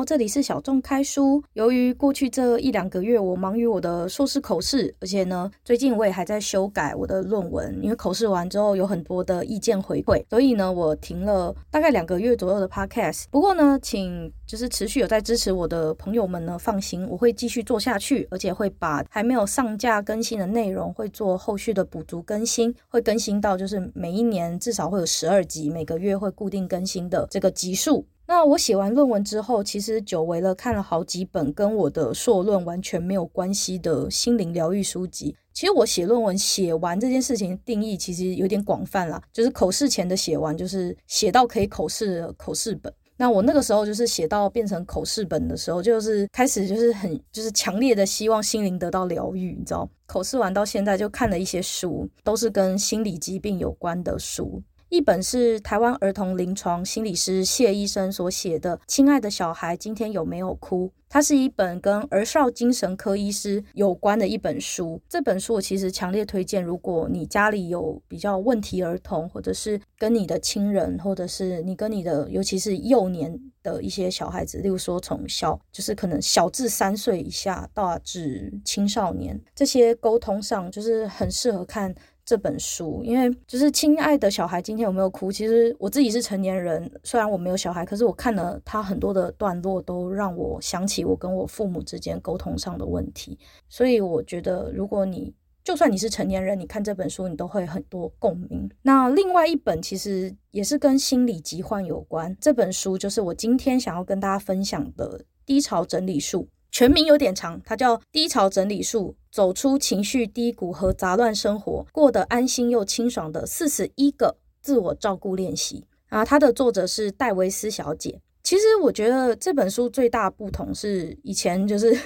哦，這裡是小眾開書。由於過去這一兩個月我忙於我的碩士口試，而且呢，最近我也還在修改我的論文，因為口試完之後有很多的意見回饋，所以呢，我停了大概兩個月左右的 Podcast。不過呢，請就是持續有在支持我的朋友們呢，放心，我會繼續做下去，而且會把還沒有上架更新的內容會做後續的補足更新，會更新到就是每一年至少會有十二集，每個月會固定更新的這個集數。那我寫完論文之後，其實久違了，看了好幾本跟我的碩論完全沒有關係的心靈療癒書籍。其實我寫論文寫完這件事情定義其實有點廣泛啦，就是口試前的寫完，就是寫到可以口試口試本。那我那個時候就是寫到變成口試本的時候，就是開始就是很就是強烈的希望心靈得到療癒，你知道？口試完到現在就看了一些書，都是跟心理疾病有關的書。一本是台灣兒童臨床心理師謝醫生所寫的《親愛的小孩，今天有沒有哭》。它是一本跟兒少精神科醫師有關的一本書。這本書我其實強烈推薦，如果你家裡有比較問題兒童，或者是跟你的親人，或者是你跟你的，尤其是幼年的一些小孩子，例如說從小就是可能小至三歲以下，大至青少年，這些溝通上就是很適合看。這本書，因為就是親愛的小孩，今天有沒有哭？其實我自己是成年人，雖然我沒有小孩，可是我看了他很多的段落，都讓我想起我跟我父母之間溝通上的問題。所以我覺得，如果你就算你是成年人，你看這本書，你都會很多共鳴。那另外一本其實也是跟心理疾患有關，這本書就是我今天想要跟大家分享的《低潮整理術》，全名有點長，它叫《低潮整理術》。走出情緒低谷和雜亂生活，過得安心又清爽的四十一個自我照顧練習啊！它的作者是戴維斯小姐。其實我覺得這本書最大不同是，以前就是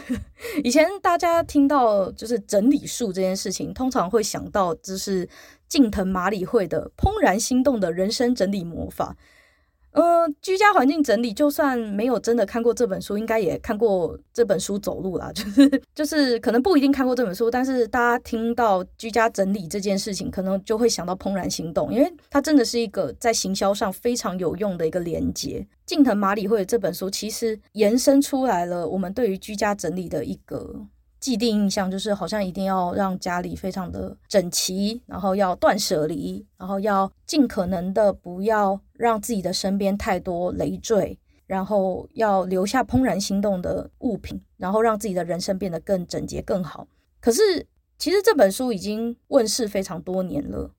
以前大家聽到就是整理術這件事情，通常會想到就是近藤麻理惠的《怦然心動的人生整理魔法》。嗯、呃，居家環境整理，就算沒有真的看過這本書，應該也看過這本書走路啦，就是就是，可能不一定看過這本書，但是大家聽到居家整理這件事情，可能就會想到怦然心動，因為它真的是一個在行銷上非常有用的一個連接。近藤麻里惠這本書其實延伸出來了我們對於居家整理的一個。既定印象就是，好像一定要讓家裡非常的整齊，然後要斷捨離，然後要盡可能的不要讓自己的身邊太多累贅，然後要留下怦然心動的物品，然後讓自己的人生變得更整潔更好。可是，其實這本書已經問世非常多年了。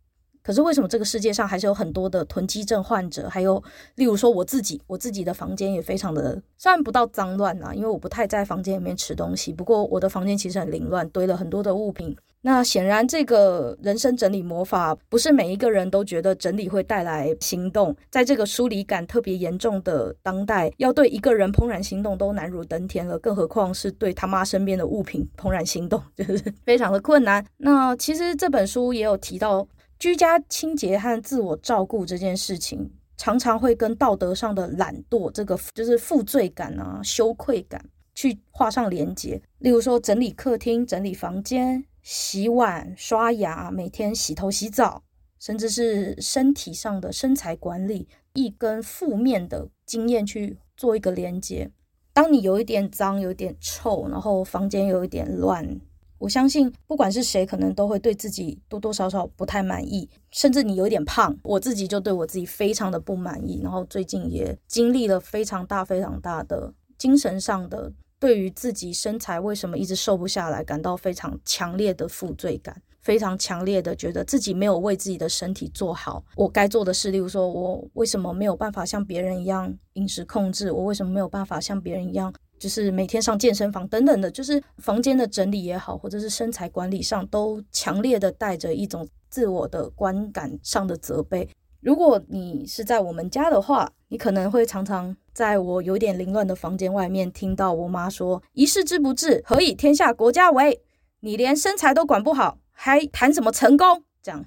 可是為什麼這個世界上還是有很多的囤積症患者？還有，例如說我自己，我自己的房間也非常的算不到髒亂啊，因為我不太在房間裡面吃東西。不過我的房間其實很凌亂，堆了很多的物品。那顯然，這個人生整理魔法不是每一個人都覺得整理會帶來心動。在這個疏離感特別嚴重的當代，要對一個人怦然心動都難如登天了，更何況是對他媽身邊的物品怦然心動，就是非常的困難。那其實這本書也有提到。居家清潔和自我照顧這件事情，常常會跟道德上的懶惰，這個就是負罪感啊、羞愧感，去畫上連結。例如說，整理客廳、整理房間、洗碗、刷牙、每天洗頭洗澡，甚至是身體上的身材管理，一跟負面的經驗去做一個連結。當你有一點髒、有一點臭，然後房間有一點亂。我相信，不管是誰，可能都會對自己多多少少不太滿意，甚至你有點胖，我自己就對我自己非常的不滿意。然後最近也經歷了非常大、非常大的精神上的，對於自己身材為什麼一直瘦不下來，感到非常強烈的負罪感，非常強烈的覺得自己沒有為自己的身體做好我該做的事。例如說，我為什麼沒有辦法像別人一樣飲食控制？我為什麼沒有辦法像別人一樣？就是每天上健身房等等的，就是房間的整理也好，或者是身材管理上，都強烈的帶着一種自我的觀感上的責備。如果你是在我們家的話，你可能會常常在我有點凌亂的房間外面聽到我媽說：“一室之不治，何以天下國家為？你連身材都管不好，還談什麼成功？”這樣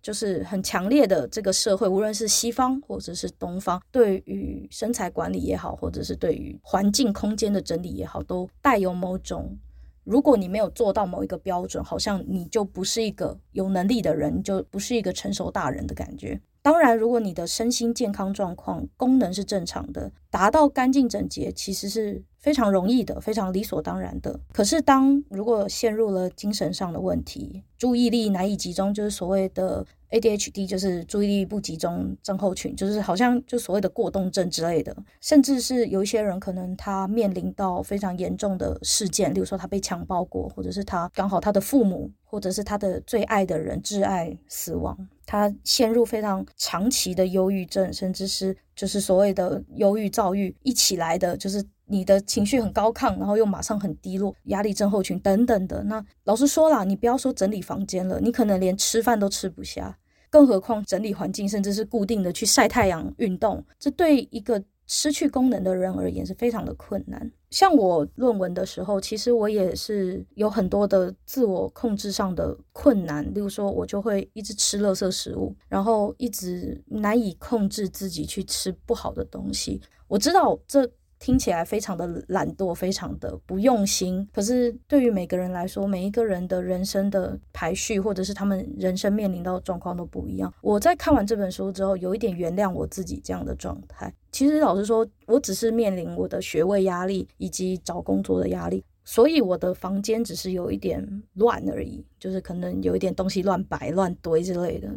就是很強烈的這個社會，無論是西方或者是東方，對於身材管理也好，或者是對於環境空間的整理也好，都帶有某種，如果你沒有做到某一個標準，好像你就不是一個有能力的人，就不是一個成熟大人的感覺。當然，如果你的身心健康狀況功能是正常的，達到乾淨整潔，其實是。非常容易的，非常理所當然的。可是，當如果陷入了精神上的問題，注意力難以集中，就是所謂的 ADHD，就是注意力不集中症候群，就是好像就所謂的過動症之類的。甚至是有一些人，可能他面臨到非常嚴重的事件，例如說他被強暴過，或者是他剛好他的父母，或者是他的最愛的人摯愛死亡，他陷入非常長期的憂鬱症，甚至是就是所謂的憂鬱躁鬱一起來的，就是。你的情緒很高亢，然後又馬上很低落，壓力症候群等等的。那老實說了，你不要說整理房間了，你可能連吃飯都吃不下，更何況整理環境，甚至是固定的去曬太陽、運動，這對一個失去功能的人而言是非常的困難。像我論文的時候，其實我也是有很多的自我控制上的困難，例如說我就會一直吃垃圾食物，然後一直難以控制自己去吃不好的東西。我知道這。聽起來非常的懶惰，非常的不用心。可是對於每個人來說，每一個人的人生的排序，或者是他們人生面臨到的狀況都不一樣。我在看完這本書之後，有一點原諒我自己這樣的狀態。其實老實說，我只是面臨我的學位壓力以及找工作的壓力，所以我的房間只是有一點亂而已，就是可能有一點東西亂擺、亂堆之類的。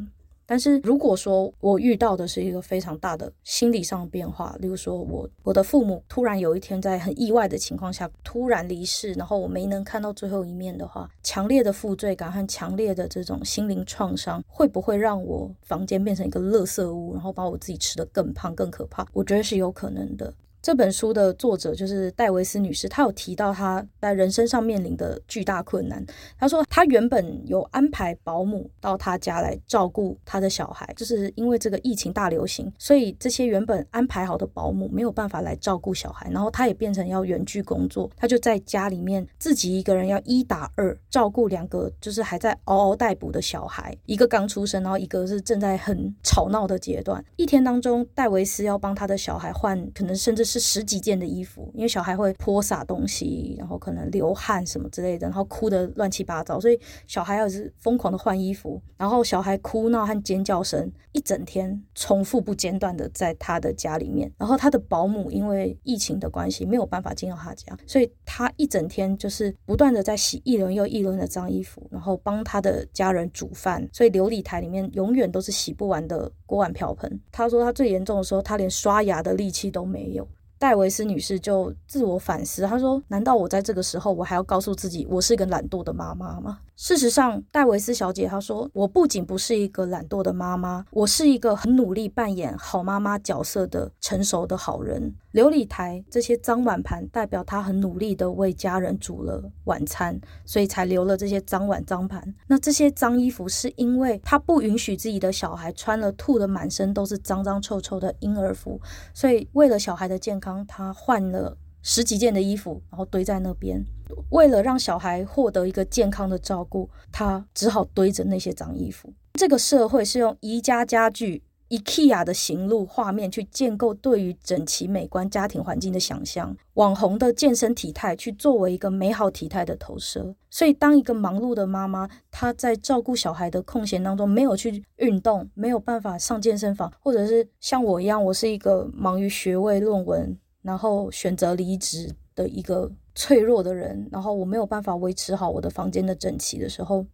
但是如果說我遇到的是一個非常大的心理上的變化，例如說我我的父母突然有一天在很意外的情況下突然離世，然後我沒能看到最後一面的話，強烈的負罪感和強烈的這種心靈創傷，會不會讓我房間變成一個垃圾屋，然後把我自己吃得更胖更可怕？我覺得是有可能的。這本書的作者就是戴維斯女士，她有提到她在人生上面臨的巨大困難。她說，她原本有安排保姆到她家來照顧她的小孩，就是因為這個疫情大流行，所以這些原本安排好的保姆沒有辦法來照顧小孩，然後她也變成要遠距工作，她就在家裡面自己一個人要一打二照顧兩個，就是還在嗷嗷待哺的小孩，一個剛出生，然後一個是正在很吵鬧的階段。一天當中，戴維斯要幫他的小孩換，可能甚至，是十幾件的衣服，因為小孩會潑灑東西，然後可能流汗什麼之類的，然後哭得亂七八糟，所以小孩要一直瘋狂的換衣服，然後小孩哭鬧和尖叫聲一整天重複不間斷的在他的家裡面，然後他的保姆因為疫情的關係沒有辦法進到他家，所以他一整天就是不斷的在洗一輪又一輪的髒衣服，然後幫他的家人煮飯，所以流理台裡面永遠都是洗不完的鍋碗瓢盆。他說他最嚴重的時候，他連刷牙的力氣都沒有。戴維斯女士就自我反思，她說：“難道我在這個時候，我還要告訴自己，我是一個懶惰的媽媽嗎？”事實上，戴維斯小姐她說：“我不僅不是一個懶惰的媽媽，我是一個很努力扮演好媽媽角色的成熟的好人。”流理臺這些髒碗盤代表她很努力地為家人煮了晚餐，所以才留了這些髒碗髒盤。那這些髒衣服是因為她不允許自己的小孩穿了吐得滿身都是髒髒臭臭的嬰兒服，所以為了小孩的健康，她換了。十幾件的衣服，然後堆在那邊。為了讓小孩獲得一個健康的照顧，他只好堆着那些髒衣服。這個社會是用宜家家具、IKEA 的型錄畫面去建構對於整齊美觀家庭環境的想象，網紅的健身體態去作為一個美好體態的投射。所以，當一個忙碌的媽媽，她在照顧小孩的空閒當中沒有去運動，沒有辦法上健身房，或者是像我一樣，我是一個忙於學位論文。然後選擇離職的一個脆弱的人，然後我沒有辦法維持好我的房間的整齊的時候，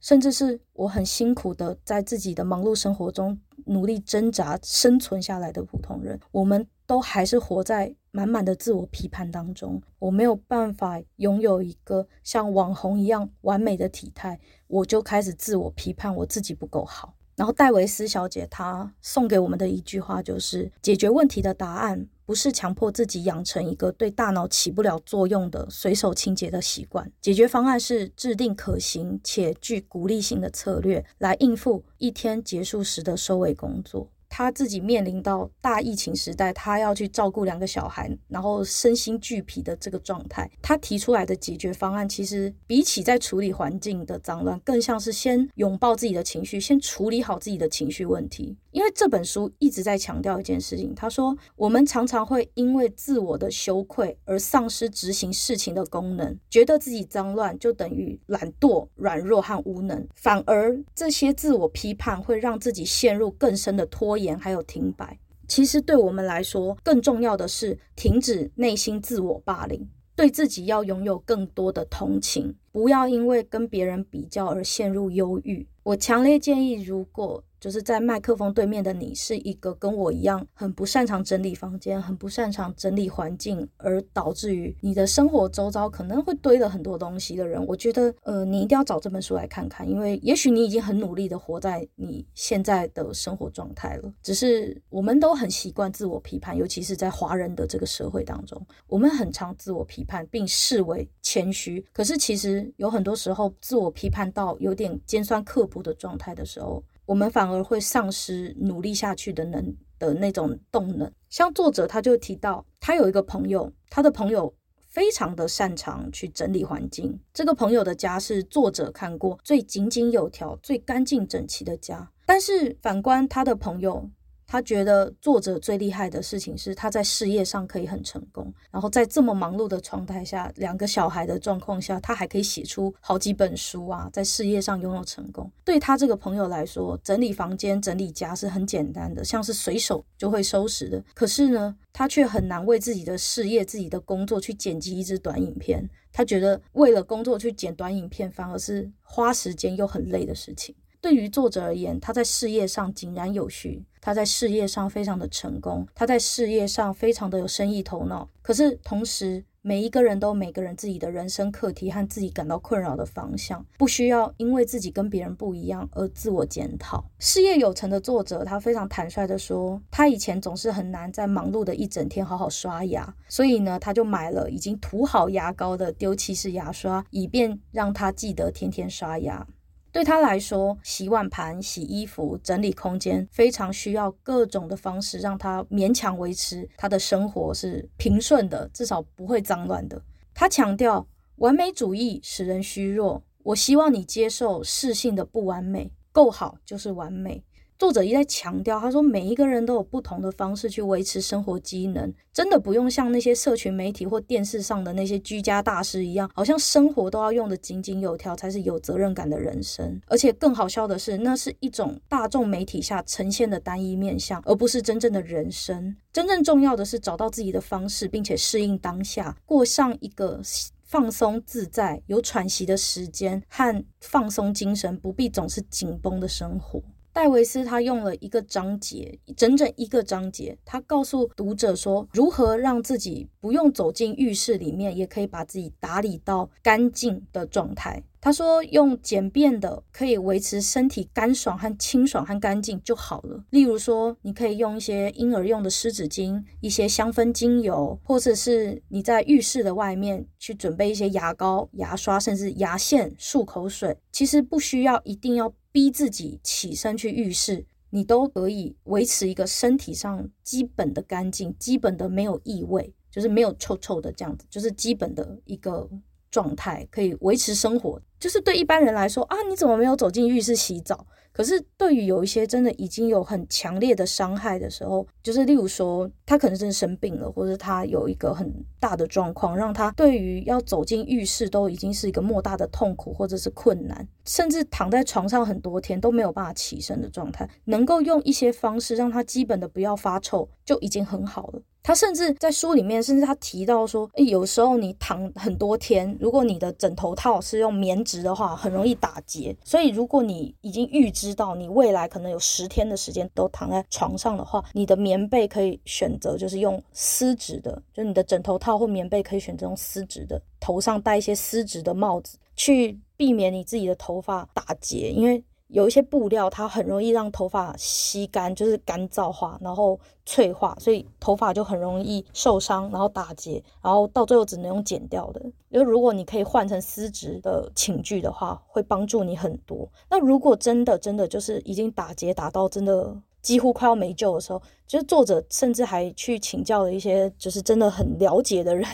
甚至是我很辛苦的在自己的忙碌生活中努力掙扎生存下來的普通人，我們都還是活在滿滿的自我批判當中。我沒有辦法擁有一個像網紅一樣完美的體態，我就開始自我批判我自己不夠好。然後戴維斯小姐她送給我們的一句話就是：解決問題的答案。不是強迫自己養成一個對大腦起不了作用的隨手清潔的習慣。解決方案是制定可行且具鼓勵性的策略來應付一天結束時的收尾工作。他自己面臨到大疫情時代，他要去照顧兩個小孩，然後身心俱疲的這個狀態。他提出來的解決方案其實比起在處理環境的髒亂，更像是先擁抱自己的情緒，先處理好自己的情緒問題。因為這本書一直在強調一件事情，他說我們常常會因為自我的羞愧而喪失執行事情的功能，覺得自己髒亂就等於懶惰、軟弱和無能。反而這些自我批判會讓自己陷入更深的拖延還有停擺。其實對我們來說，更重要的是停止內心自我霸凌，對自己要擁有更多的同情，不要因為跟別人比較而陷入憂鬱。我強烈建議，如果，就是在麥克風對面的你是一個跟我一樣很不擅長整理房間、很不擅長整理環境，而導致於你的生活周遭可能會堆了很多東西的人。我覺得，呃，你一定要找這本書來看看，因為也許你已經很努力地活在你現在的生活狀態了。只是我們都很習慣自我批判，尤其是在華人的這個社會當中，我們很常自我批判，並視為謙虛。可是其實有很多時候，自我批判到有點尖酸刻薄的狀態的時候。我們反而會喪失努力下去的能的那種動能。像作者他就提到，他有一個朋友，他的朋友非常的擅長去整理環境。這個朋友的家是作者看過最井井有條、最乾淨整齊的家。但是反觀他的朋友。他覺得作者最厲害的事情是他在事業上可以很成功，然後在這麼忙碌的狀態下，兩個小孩的狀況下，他還可以寫出好幾本書啊，在事業上擁有成功。對他這個朋友來說，整理房間、整理家是很簡單的，像是隨手就會收拾的。可是呢，他卻很難為自己的事業、自己的工作去剪輯一支短影片。他覺得為了工作去剪短影片，反而是花時間又很累的事情。對於作者而言，他在事業上井然有序，他在事業上非常的成功，他在事業上非常的有生意頭腦。可是，同時每一個人都有每個人自己的人生課題和自己感到困擾的方向，不需要因為自己跟別人不一樣而自我檢討。事業有成的作者，他非常坦率的說，他以前總是很難在忙碌的一整天好好刷牙，所以呢，他就買了已經塗好牙膏的丟棄式牙刷，以便讓他記得天天刷牙。對他來說，洗碗盤、洗衣服、整理空間，非常需要各種的方式，讓他勉強維持他的生活是平順的，至少不會髒亂的。他強調，完美主義使人虛弱。我希望你接受適性的不完美，夠好就是完美。作者一再強調，他說：“每一個人都有不同的方式去維持生活機能，真的不用像那些社群媒體或電視上的那些居家大師一樣，好像生活都要用得井井有條才是有責任感的人生。而且更好笑的是，那是一種大眾媒體下呈現的單一面向，而不是真正的人生。真正重要的是找到自己的方式，並且適應當下，過上一個放鬆自在、有喘息的時間和放鬆精神，不必總是緊繃的生活。”戴維斯他用了一個章節，整整一個章節，他告訴讀者說，如何讓自己不用走進浴室裡面，也可以把自己打理到乾淨的狀態。他說，用簡便的可以維持身體乾爽和清爽和乾淨就好了。例如說，你可以用一些嬰兒用的濕紙巾，一些香氛精油，或者是你在浴室的外面去準備一些牙膏、牙刷，甚至牙線、漱口水。其實不需要一定要。逼自己起身去浴室，你都可以維持一個身體上基本的乾淨，基本的沒有異味，就是沒有臭臭的這樣子，就是基本的一個。狀態可以維持生活，就是對一般人來說啊，你怎麼沒有走進浴室洗澡？可是對於有一些真的已經有很強烈的傷害的時候，就是例如說他可能真的生病了，或者他有一個很大的狀況，讓他對於要走進浴室都已經是一個莫大的痛苦或者是困難，甚至躺在床上很多天都沒有辦法起身的狀態，能夠用一些方式讓他基本的不要發臭，就已經很好了。他甚至在書裡面，甚至他提到說，欸，有時候你躺很多天，如果你的枕頭套是用棉質的話，很容易打結。所以，如果你已經預知到你未來可能有十天的時間都躺在床上的話，你的棉被可以選擇就是用絲質的，就你的枕頭套或棉被可以選擇用絲質的，頭上戴一些絲質的帽子，去避免你自己的頭髮打結，因為。有一些布料，它很容易讓頭髮吸乾，就是乾燥化，然後脆化，所以頭髮就很容易受傷，然後打結，然後到最後只能用剪掉的。因為如果你可以換成絲質的寢具的話，會幫助你很多。那如果真的真的就是已經打結打到真的幾乎快要沒救的時候，就是作者甚至還去請教了一些就是真的很了解的人。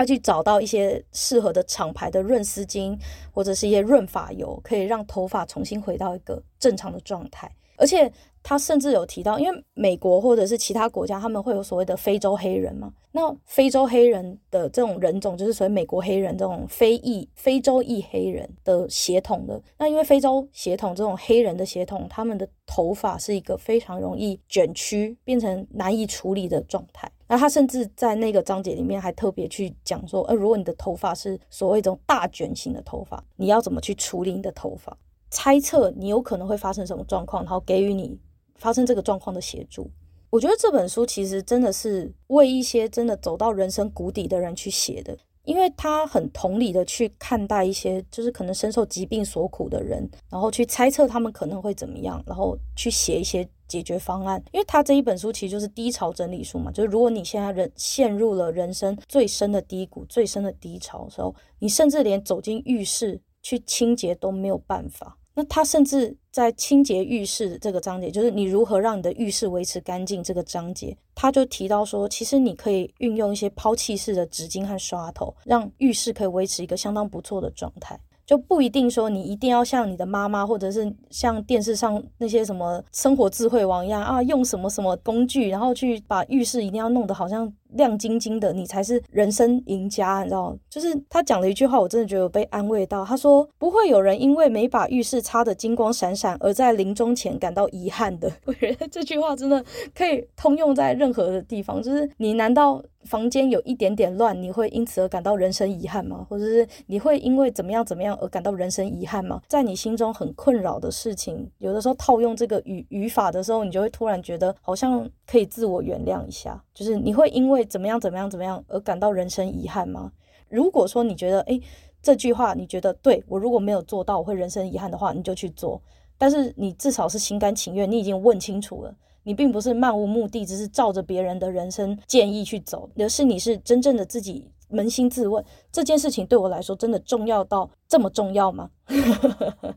他去找到一些適合的廠牌的潤絲巾，或者是一些潤髮油，可以讓頭髮重新回到一個正常的狀態，而且。他甚至有提到，因為美國或者是其他國家，他們會有所謂的非洲黑人嘛。那非洲黑人的這種人種，就是所謂美國黑人這種非裔、非洲裔黑人的血統的。那因為非洲血統這種黑人的血統，他們的頭髮是一個非常容易捲曲，變成難以處理的狀態。那他甚至在那個章節裡面還特別去講說，呃，如果你的頭髮是所謂這種大捲型的頭髮，你要怎麼去處理你的頭髮？猜測你有可能會發生什麼狀況，然後給予你，發生這個狀況的協助，我覺得這本書其實真的是為一些真的走到人生谷底的人去寫的，因為他很同理的去看待一些就是可能深受疾病所苦的人，然後去猜測他們可能會怎麼樣，然後去寫一些解決方案。因為他這一本書其實就是低潮整理術嘛，就是如果你現在人陷入了人生最深的低谷、最深的低潮的時候，你甚至連走進浴室去清潔都沒有辦法。那他甚至在清潔浴室這個章節，就是你如何讓你的浴室維持乾淨這個章節，他就提到說，其實你可以運用一些拋棄式的紙巾和刷頭，讓浴室可以維持一個相當不錯的狀態，就不一定說你一定要像你的媽媽，或者是像電視上那些什麼生活智慧王一樣啊，用什麼什麼工具，然後去把浴室一定要弄得好像。亮晶晶的，你才是人生贏家，你知道嗎？就是他講了一句話，我真的覺得我被安慰到。他說：“不會有人因為沒把浴室擦得金光閃閃而在臨終前感到遺憾的。”我覺得這句話真的可以通用在任何的地方。就是你難道房間有一點點亂，你會因此而感到人生遺憾嗎？或者是你會因為怎麼樣怎麼樣而感到人生遺憾嗎？在你心中很困擾的事情，有的時候套用這個語語法的時候，你就會突然覺得好像。可以自我原諒一下，就是你會因為怎麼樣怎麼樣怎麼樣而感到人生遺憾嗎？如果說你覺得，誒，這句話你覺得對我如果沒有做到我會人生遺憾的話，你就去做。但是你至少是心甘情願，你已經問清楚了，你並不是漫無目的，只是照着別人的人生建議去走，而是你是真正的自己，捫心自問，這件事情對我來說真的重要到這麼重要嗎？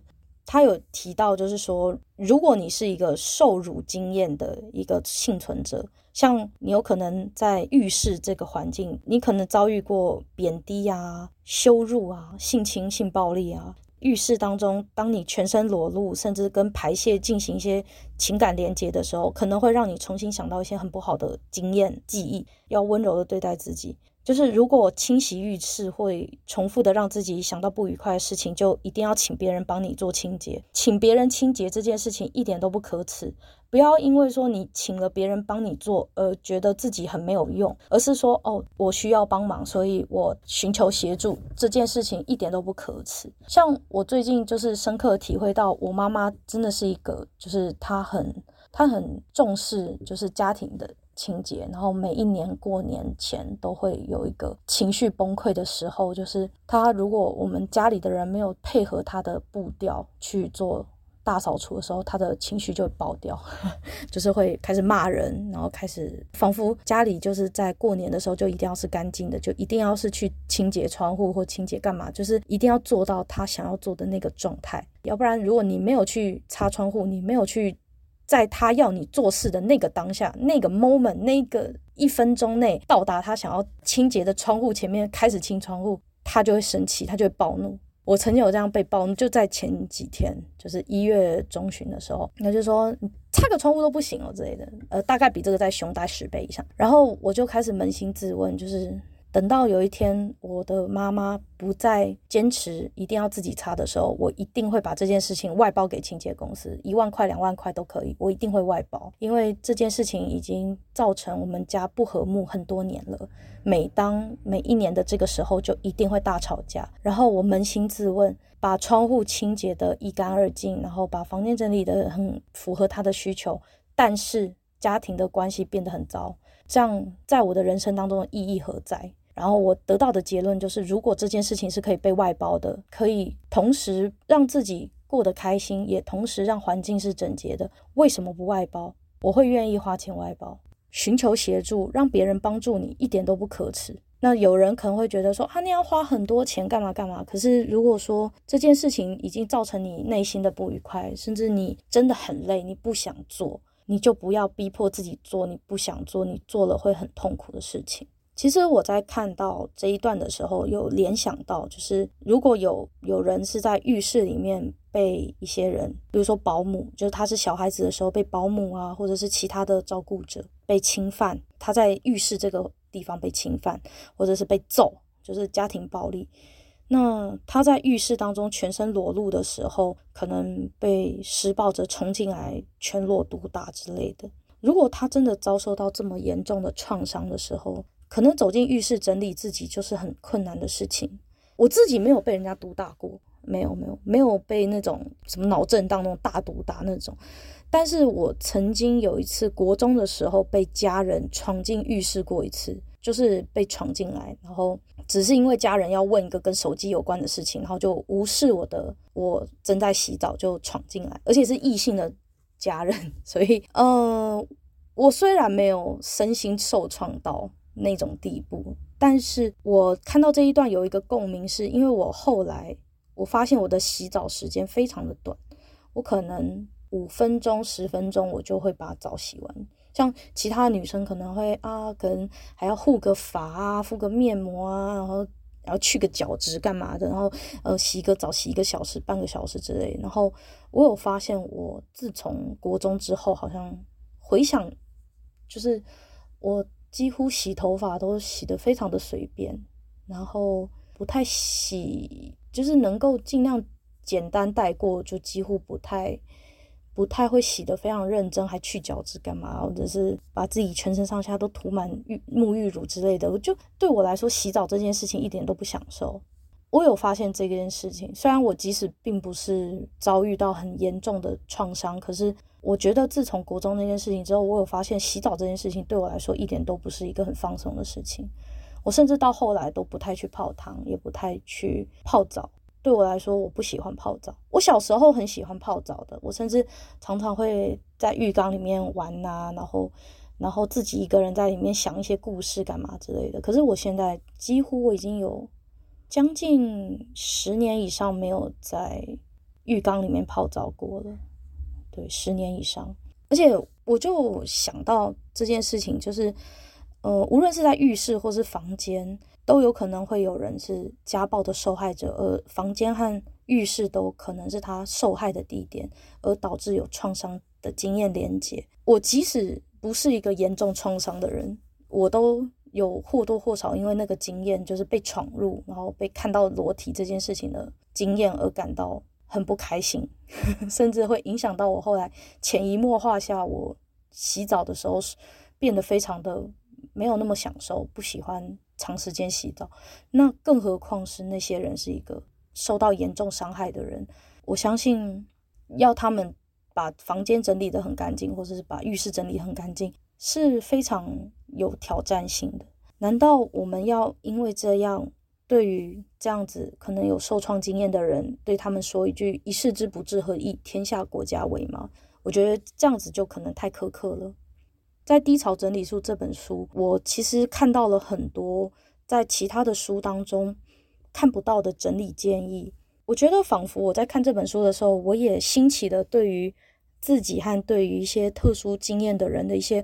他有提到，就是說，如果你是一個受辱經驗的一個倖存者，像你有可能在浴室這個環境，你可能遭遇過貶低啊、羞辱啊、性侵、性暴力啊。浴室當中，當你全身裸露，甚至跟排泄進行一些情感連接的時候，可能會讓你重新想到一些很不好的經驗、記憶。要溫柔的對待自己。就是如果清洗浴室會重複的讓自己想到不愉快的事情，就一定要請別人幫你做清潔。請別人清潔這件事情一點都不可恥，不要因為說你請了別人幫你做而覺得自己很沒有用，而是說哦，我需要幫忙，所以我尋求協助，這件事情一點都不可恥。像我最近就是深刻體會到，我媽媽真的是一個，就是她很她很重視就是家庭的。清潔，然後每一年過年前都會有一個情緒崩潰的時候，就是他如果我們家裡的人沒有配合他的步調去做大掃除的時候，他的情緒就會爆掉， 就是會開始罵人，然後開始仿佛家裡就是在過年的時候就一定要是乾淨的，就一定要是去清潔窗戶或清潔幹嘛，就是一定要做到他想要做的那個狀態，要不然如果你沒有去擦窗戶，你沒有去。在他要你做事的那個當下，那個 moment，那個一分鐘內到達他想要清潔的窗戶前面開始清窗戶，他就會生氣，他就會暴怒。我曾經有這樣被暴怒，就在前幾天，就是一月中旬的時候，他就說擦個窗戶都不行哦之類的，呃，大概比這個再兇大十倍以上。然後我就開始捫心自問，就是。等到有一天，我的媽媽不再堅持一定要自己擦的時候，我一定會把這件事情外包給清潔公司，一萬塊、兩萬塊都可以，我一定會外包，因為這件事情已經造成我們家不和睦很多年了。每當每一年的這個時候，就一定會大吵架。然後我捫心自問，把窗戶清潔得一乾二淨，然後把房間整理得很符合她的需求，但是家庭的關係變得很糟，這樣在我的人生當中的意義何在？然後我得到的結論就是，如果這件事情是可以被外包的，可以同時讓自己過得開心，也同時讓環境是整潔的，為什麼不外包？我會願意花錢外包，尋求協助，讓別人幫助你，一點都不可恥。那有人可能會覺得說，啊，你要花很多錢幹嘛幹嘛？可是如果說這件事情已經造成你內心的不愉快，甚至你真的很累，你不想做，你就不要逼迫自己做，你不想做，你做了會很痛苦的事情。其實我在看到這一段的時候，有聯想到，就是如果有有人是在浴室裡面被一些人，比如說保姆，就是他是小孩子的時候被保姆啊，或者是其他的照顧者被侵犯，他在浴室這個地方被侵犯，或者是被揍，就是家庭暴力。那他在浴室當中全身裸露的時候，可能被施暴者衝進來拳落毒打之類的。如果他真的遭受到這麼嚴重的創傷的時候，可能走進浴室整理自己就是很困難的事情。我自己沒有被人家毒打過，沒有沒有沒有被那種什麼腦震盪那種大毒打那種。但是我曾經有一次國中的時候被家人闖進浴室過一次，就是被闖進來，然後只是因為家人要問一個跟手機有關的事情，然後就無視我的，我正在洗澡就闖進來，而且是異性的家人。所以，嗯，我雖然沒有身心受創到。那種地步，但是我看到這一段有一個共鳴，是因為我後來我發現我的洗澡時間非常的短，我可能五分鐘、十分鐘我就會把澡洗完。像其他的女生可能會啊，可能還要護個髮啊，敷個面膜啊，然後然後去個角質幹嘛的，然後呃洗個澡洗一個小時、半個小時之類。然後我有發現，我自從國中之後，好像回想就是我。幾乎洗頭髮都洗得非常的隨便，然後不太洗，就是能夠盡量簡單帶過，就幾乎不太不太會洗得非常認真，還去角質幹嘛，或者是把自己全身上下都塗滿浴沐浴乳之類的，我就對我來說，洗澡這件事情一點都不享受。我有發現這件事情，雖然我即使並不是遭遇到很嚴重的創傷，可是我覺得自從國中那件事情之後，我有發現洗澡這件事情對我來說一點都不是一個很放鬆的事情。我甚至到後來都不太去泡湯，也不太去泡澡。對我來說，我不喜歡泡澡。我小時候很喜歡泡澡的，我甚至常常會在浴缸裡面玩啊，然後然後自己一個人在裡面想一些故事幹嘛之類的。可是我現在幾乎我已經有。將近十年以上沒有在浴缸裡面泡澡過了，對，十年以上。而且我就想到這件事情，就是，呃，無論是在浴室或是房間，都有可能會有人是家暴的受害者，而房間和浴室都可能是他受害的地點，而導致有創傷的經驗連接。我即使不是一個嚴重創傷的人，我都。有或多或少因為那個經驗，就是被闖入，然後被看到裸體這件事情的經驗而感到很不開心， 甚至會影響到我後來潛移默化下，我洗澡的時候是變得非常的沒有那麼享受，不喜歡長時間洗澡。那更何況是那些人是一個受到嚴重傷害的人，我相信要他們把房間整理得很乾淨，或者是把浴室整理得很乾淨，是非常有挑戰性的。難道我們要因為這樣，對於這樣子可能有受創經驗的人，對他們說一句“一室之不治，何以天下國家為嗎”嗎？我覺得這樣子就可能太苛刻了。在《低潮整理術》這本書，我其實看到了很多在其他的書當中看不到的整理建議。我覺得仿佛我在看這本書的時候，我也興起了對於自己和對於一些特殊經驗的人的一些。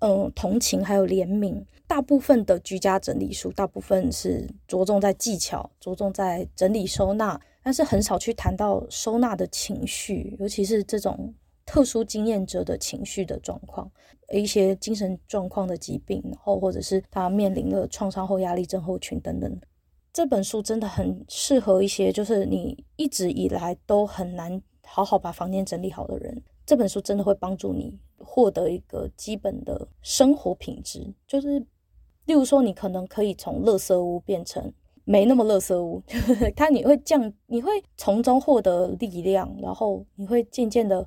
嗯，同情還有憐憫。大部分的居家整理書，大部分是着重在技巧，着重在整理收納，但是很少去談到收納的情緒，尤其是這種特殊經驗者的情緒的狀況，一些精神狀況的疾病，然後或者是他面臨了創傷後壓力症候群等等。這本書真的很適合一些，就是你一直以來都很難好好把房間整理好的人，這本書真的會幫助你。獲得一個基本的生活品質，就是，例如說，你可能可以從垃圾屋變成沒那麼垃圾屋，看 你會降，你會從中獲得力量，然後你會漸漸的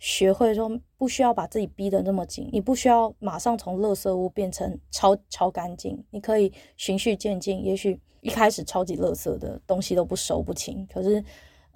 學會說，不需要把自己逼得那麼緊，你不需要馬上從垃圾屋變成超超乾淨，你可以循序漸進，也許一開始超級垃圾的東西都不收不清，可是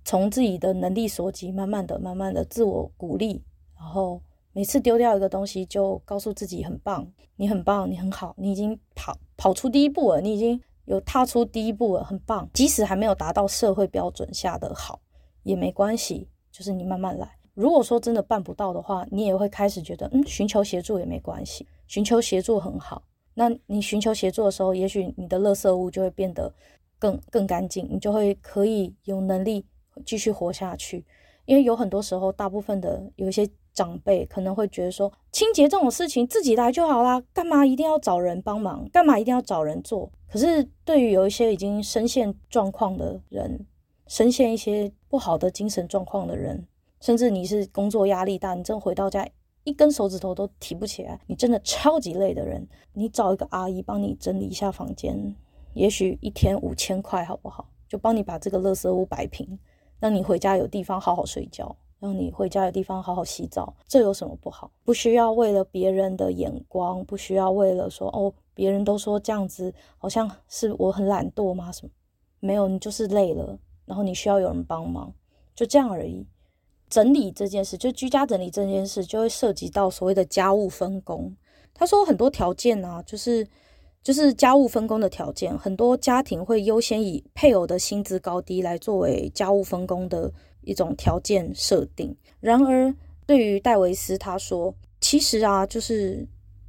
從自己的能力所及，慢慢的、慢慢的自我鼓勵，然後。每次丟掉一個東西，就告訴自己很棒，你很棒，你很好，你已經跑跑出第一步了，你已經有踏出第一步了，很棒。即使還沒有達到社會標準下的好也沒關係，就是你慢慢來。如果說真的辦不到的話，你也會開始覺得，嗯，尋求協助也沒關係，尋求協助很好。那你尋求協助的時候，也許你的垃圾物就會變得更更乾淨，你就會可以有能力繼續活下去。因為有很多時候，大部分的有一些長輩可能會覺得說，清潔這種事情自己來就好啦，幹嘛一定要找人幫忙，幹嘛一定要找人做。可是對於有一些已經深陷狀況的人，深陷一些不好的精神狀況的人，甚至你是工作壓力大，你真回到家一根手指頭都提不起來，你真的超級累的人，你找一個阿姨幫你整理一下房間，也許一天五千塊好不好，就幫你把這個垃圾屋擺平。讓你回家有地方好好睡覺，讓你回家有地方好好洗澡，這有什麼不好？不需要為了別人的眼光，不需要為了說哦，別人都說這樣子好像是我很懶惰嗎？什麼？沒有，你就是累了，然後你需要有人幫忙，就這樣而已。整理這件事，就居家整理這件事，就會涉及到所謂的家務分工。他說很多條件啊，就是。就是家務分工的條件，很多家庭會優先以配偶的薪資高低來作為家務分工的一種條件設定。然而，對於戴維斯他說，其實啊，就是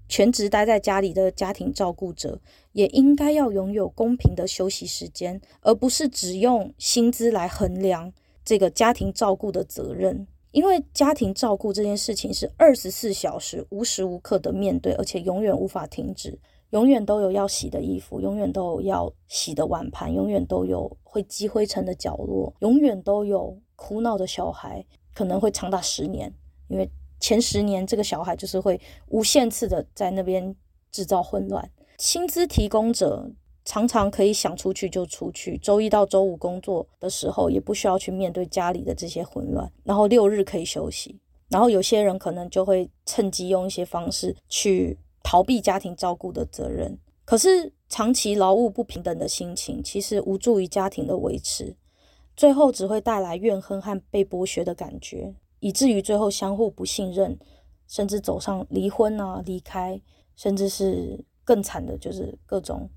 全職待在家裡的家庭照顧者，也應該要擁有公平的休息時間，而不是只用薪資來衡量這個家庭照顧的責任。因為家庭照顧這件事情是二十四小時無時無刻的面對，而且永遠無法停止。永遠都有要洗的衣服，永遠都有要洗的碗盤，永遠都有會積灰塵的角落，永遠都有哭鬧的小孩，可能會長達十年，因為前十年這個小孩就是會無限次的在那邊製造混亂。薪資提供者常常可以想出去就出去，週一到週五工作的時候也不需要去面對家裡的這些混亂，然後六日可以休息，然後有些人可能就會趁機用一些方式去。逃避家庭照顧的責任，可是長期勞務不平等的心情，其實無助於家庭的維持，最後只會帶來怨恨和被剝削的感覺，以至於最後相互不信任，甚至走上離婚啊、離開，甚至是更慘的，就是各種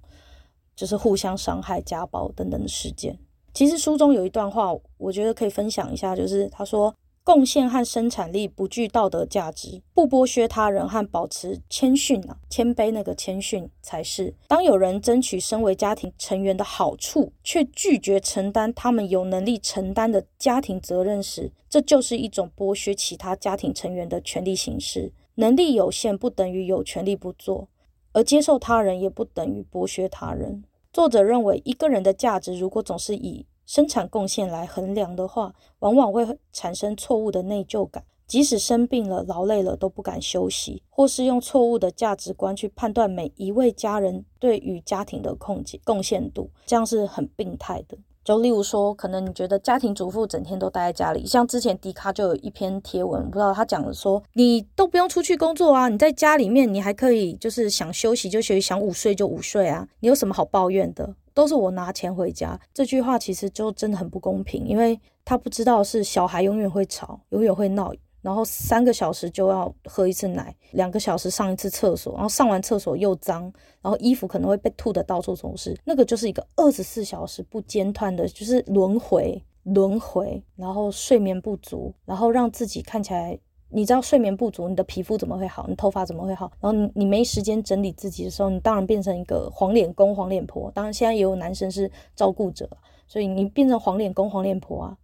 就是互相傷害、家暴等等的事件。其實書中有一段話，我覺得可以分享一下，就是他說。貢獻和生產力不具道德價值，不剝削他人和保持謙遜啊，謙卑那個謙遜才是。當有人爭取身為家庭成員的好處，卻拒絕承擔他們有能力承擔的家庭責任時，這就是一種剝削其他家庭成員的權利形式。能力有限不等於有權利不做，而接受他人也不等於剝削他人。作者認為，一個人的價值如果總是以生產貢獻來衡量的話，往往會產生錯誤的內疚感。即使生病了，勞累了，都不敢休息，或是用錯誤的價值觀去判斷每一位家人對於家庭的貢獻貢獻度，這樣是很病態的。就例如說，可能你覺得家庭主婦整天都待在家裡，像之前迪卡就有一篇貼文，不知道他講的說，你都不用出去工作啊，你在家裡面，你還可以就是想休息就休息，想午睡就午睡啊，你有什麼好抱怨的？都是我拿錢回家，這句話其實就真的很不公平，因為他不知道是小孩永遠會吵，永遠會鬧，然後三個小時就要喝一次奶，兩個小時上一次廁所，然後上完廁所又髒，然後衣服可能會被吐得到處都是，那個就是一個二十四小時不間斷的，就是輪迴，輪迴，然後睡眠不足，然後讓自己看起來。你知道睡眠不足，你的皮膚怎麼會好？你頭髮怎麼會好？然後你你沒時間整理自己的時候，你當然變成一個黃臉公、黃臉婆。當然，現在也有男生是照顧者，所以你變成黃臉公、黃臉婆啊。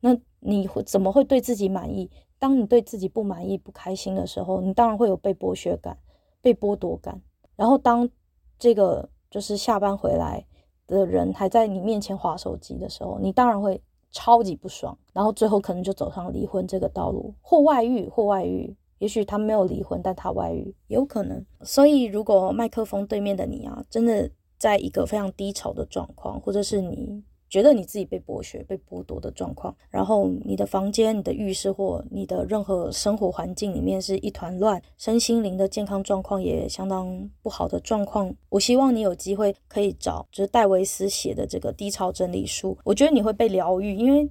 那你會怎麼會對自己滿意？當你對自己不滿意、不開心的時候，你當然會有被剝削感、被剝奪感。然後當這個就是下班回來的人還在你面前滑手機的時候，你當然會。超級不爽，然後最後可能就走上離婚這個道路，或外遇，或外遇。也許他沒有離婚，但他外遇也有可能。所以，如果麥克風對面的你啊，真的在一個非常低潮的狀況，或者是你。覺得你自己被剝削、被剝奪的狀況，然後你的房間、你的浴室或你的任何生活環境裡面是一團亂，身心靈的健康狀況也相當不好的狀況，我希望你有機會可以找就是戴維斯寫的這個低潮整理術，我覺得你會被療癒，因為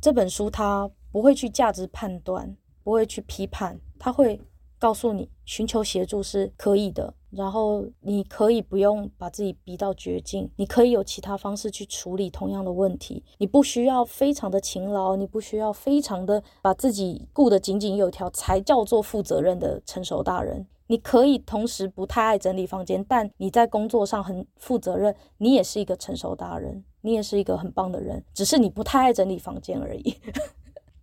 這本書它不會去價值判斷，不會去批判，它會。告訴你，尋求協助是可以的，然後你可以不用把自己逼到絕境，你可以有其他方式去處理同樣的問題。你不需要非常的勤勞，你不需要非常的把自己顧得井井有條才叫做負責任的成熟大人。你可以同時不太愛整理房間，但你在工作上很負責任，你也是一個成熟大人，你也是一個很棒的人，只是你不太愛整理房間而已。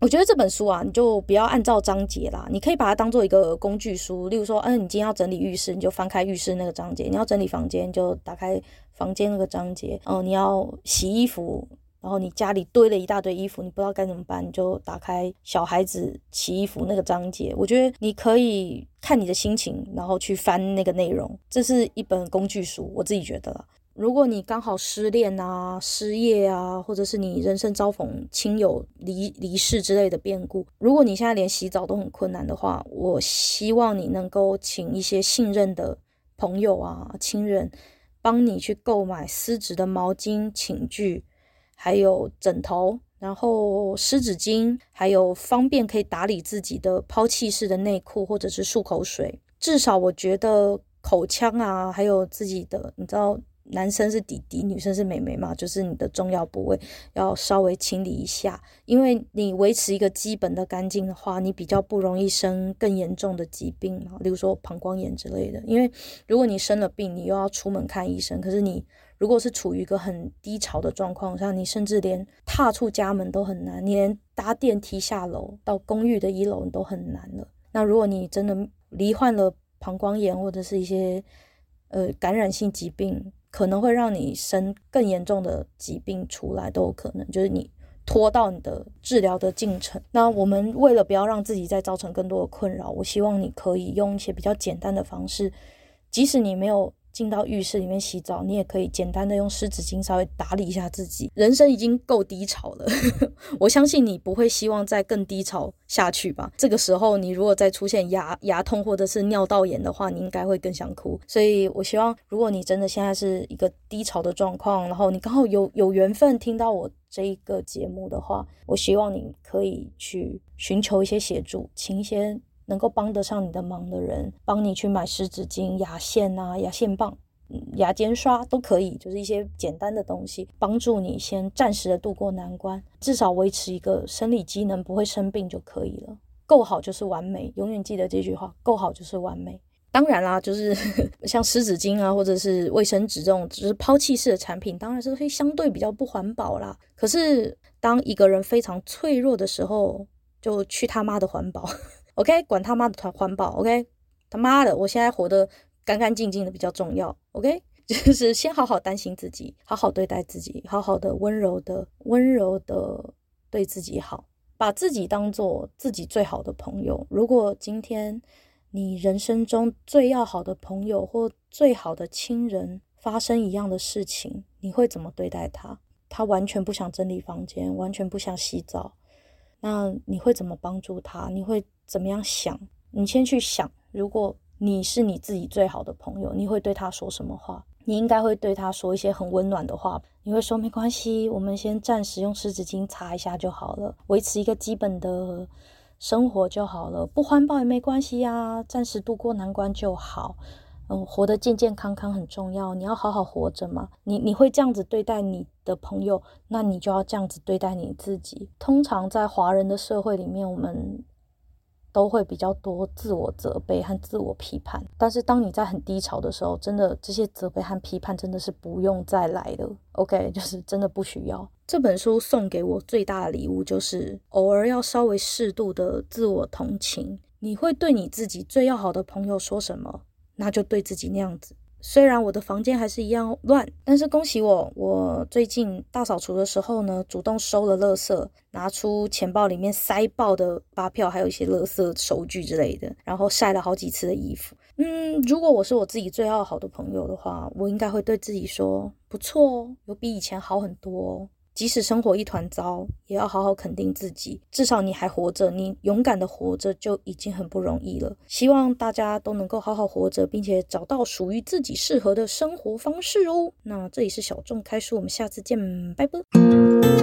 我覺得這本書啊，你就不要按照章節啦，你可以把它當做一個工具書。例如說，嗯，你今天要整理浴室，你就翻開浴室那個章節；你要整理房間，就打開房間那個章節。嗯，你要洗衣服，然後你家裡堆了一大堆衣服，你不知道該怎麼辦，你就打開小孩子洗衣服那個章節。我覺得你可以看你的心情，然後去翻那個內容。這是一本工具書，我自己覺得了。如果你剛好失戀啊、失業啊，或者是你人生遭逢親友離離世之類的變故，如果你現在連洗澡都很困難的話，我希望你能夠請一些信任的朋友啊、親人，幫你去購買絲質的毛巾、寢具，還有枕頭，然後濕紙巾，還有方便可以打理自己的拋棄式的內褲或者是漱口水。至少我覺得口腔啊，還有自己的，你知道。男生是弟弟，女生是妹妹嘛，就是你的重要部位要稍微清理一下，因為你維持一個基本的乾淨的話，你比較不容易生更嚴重的疾病嘛，例如說膀胱炎之類的。因為如果你生了病，你又要出門看醫生，可是你如果是處於一個很低潮的狀況下，你甚至連踏出家門都很難，你連搭電梯下樓到公寓的一樓你都很難了。那如果你真的罹患了膀胱炎或者是一些呃感染性疾病，可能會讓你生更嚴重的疾病出來，都有可能，就是你拖到你的治療的進程。那我們為了不要讓自己再造成更多的困擾，我希望你可以用一些比較簡單的方式，即使你沒有。進到浴室裡面洗澡，你也可以簡單的用濕紙巾稍微打理一下自己。人生已經夠低潮了， 我相信你不會希望再更低潮下去吧？這個時候你如果再出現牙牙痛或者是尿道炎的話，你應該會更想哭。所以，我希望如果你真的現在是一個低潮的狀況，然後你剛好有有緣分聽到我這一個節目的話，我希望你可以去尋求一些協助，請先。能夠幫得上你的忙的人，幫你去買濕紙巾、牙線啊、牙線棒、牙尖刷都可以，就是一些簡單的東西，幫助你先暫時的度過難關，至少維持一個生理機能不會生病就可以了。夠好就是完美，永遠記得這句話：夠好就是完美。當然啦，就是像濕紙巾啊，或者是衛生紙這種只、就是拋棄式的產品，當然是會相對比較不環保啦。可是當一個人非常脆弱的時候，就去他媽的環保。OK，管他媽的團環保。OK，他媽的，我現在活得乾乾淨淨的比較重要。OK，就是先好好擔心自己，好好對待自己，好好的溫柔的溫柔的對自己好，把自己當做自己最好的朋友。如果今天你人生中最要好的朋友或最好的親人發生一樣的事情，你會怎麼對待他？他完全不想整理房間，完全不想洗澡，那你會怎麼幫助他？你會？怎麼樣想？你先去想，如果你是你自己最好的朋友，你會對他說什麼話？你應該會對他說一些很溫暖的話。你會說：“沒關係，我們先暫時用濕紙巾擦一下就好了，維持一個基本的生活就好了。不環保也沒關係呀，啊，暫時度過難關就好。嗯，活得健健康康很重要，你要好好活着嘛。你你會這樣子對待你的朋友，那你就要這樣子對待你自己。通常在華人的社會裡面，我們，都會比較多自我責備和自我批判，但是當你在很低潮的時候，真的這些責備和批判真的是不用再來的。OK，就是真的不需要。這本書送給我最大的禮物就是偶爾要稍微適度的自我同情。你會對你自己最要好的朋友說什麼？那就對自己那樣子。雖然我的房間還是一樣亂，但是恭喜我，我最近大掃除的時候呢，主動收了垃圾，拿出錢包裡面塞爆的發票，還有一些垃圾收據之類的，然後曬了好幾次的衣服。嗯，如果我是我自己最要好的朋友的話，我應該會對自己說，不錯哦，有比以前好很多哦。即使生活一團糟，也要好好肯定自己。至少你還活着，你勇敢的活着就已經很不容易了。希望大家都能夠好好活着，並且找到屬於自己適合的生活方式哦。那這裡是小眾開書，我們下次見，拜拜。